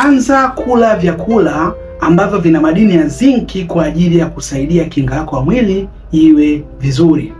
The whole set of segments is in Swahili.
Anza kula vyakula ambavyo vina madini ya zinki kwa ajili ya kusaidia kinga yako ya mwili iwe vizuri.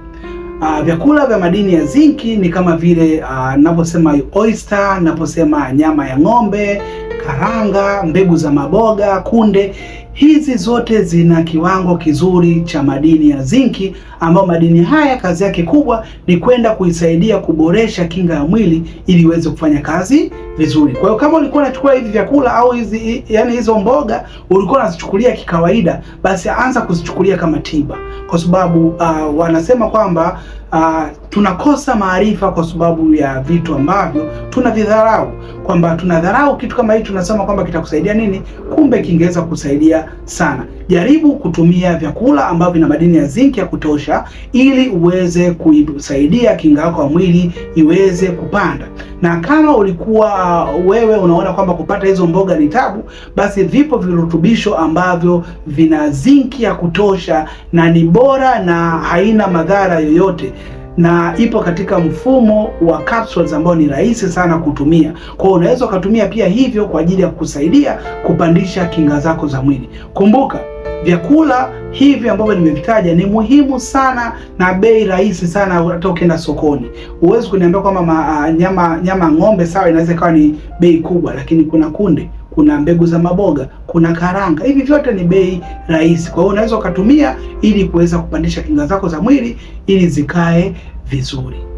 Uh, vyakula vya madini ya zinki ni kama vile ah, ninaposema uh, oyster, ninaposema nyama ya ng'ombe, karanga, mbegu za maboga, kunde. Hizi zote zina kiwango kizuri cha madini ya zinki, ambayo madini haya kazi yake kubwa ni kwenda kuisaidia kuboresha kinga ya mwili ili iweze kufanya kazi vizuri. Kwa hiyo kama ulikuwa unachukua hivi vyakula au hizi, yani hizo mboga ulikuwa unazichukulia kikawaida, basi anza kuzichukulia kama tiba, kwa sababu uh, wanasema kwamba uh, tunakosa maarifa kwa sababu ya vitu ambavyo tunavidharau, kwamba tunadharau kitu kama hicho, tunasema kwamba kitakusaidia nini, kumbe kingeweza kusaidia sana. Jaribu kutumia vyakula ambavyo vina madini ya zinc ya kutosha, ili uweze kusaidia kinga yako ya mwili iweze kupanda. Na kama ulikuwa wewe unaona kwamba kupata hizo mboga ni tabu, basi vipo virutubisho ambavyo vina zinc ya kutosha na ni bora na haina madhara yoyote na ipo katika mfumo wa capsules ambao ni rahisi sana kutumia. Kwa hiyo unaweza ukatumia pia hivyo kwa ajili ya kusaidia kupandisha kinga zako za mwili. Kumbuka Vyakula hivi ambavyo nimevitaja ni muhimu sana na bei rahisi sana, hata ukienda sokoni. Huwezi kuniambia kwamba ah, nyama nyama ng'ombe sawa, inaweza ikawa ni bei kubwa, lakini kuna kunde, kuna mbegu za maboga, kuna karanga, hivi vyote ni bei rahisi. Kwa hiyo unaweza ukatumia ili kuweza kupandisha kinga zako za mwili ili zikae vizuri.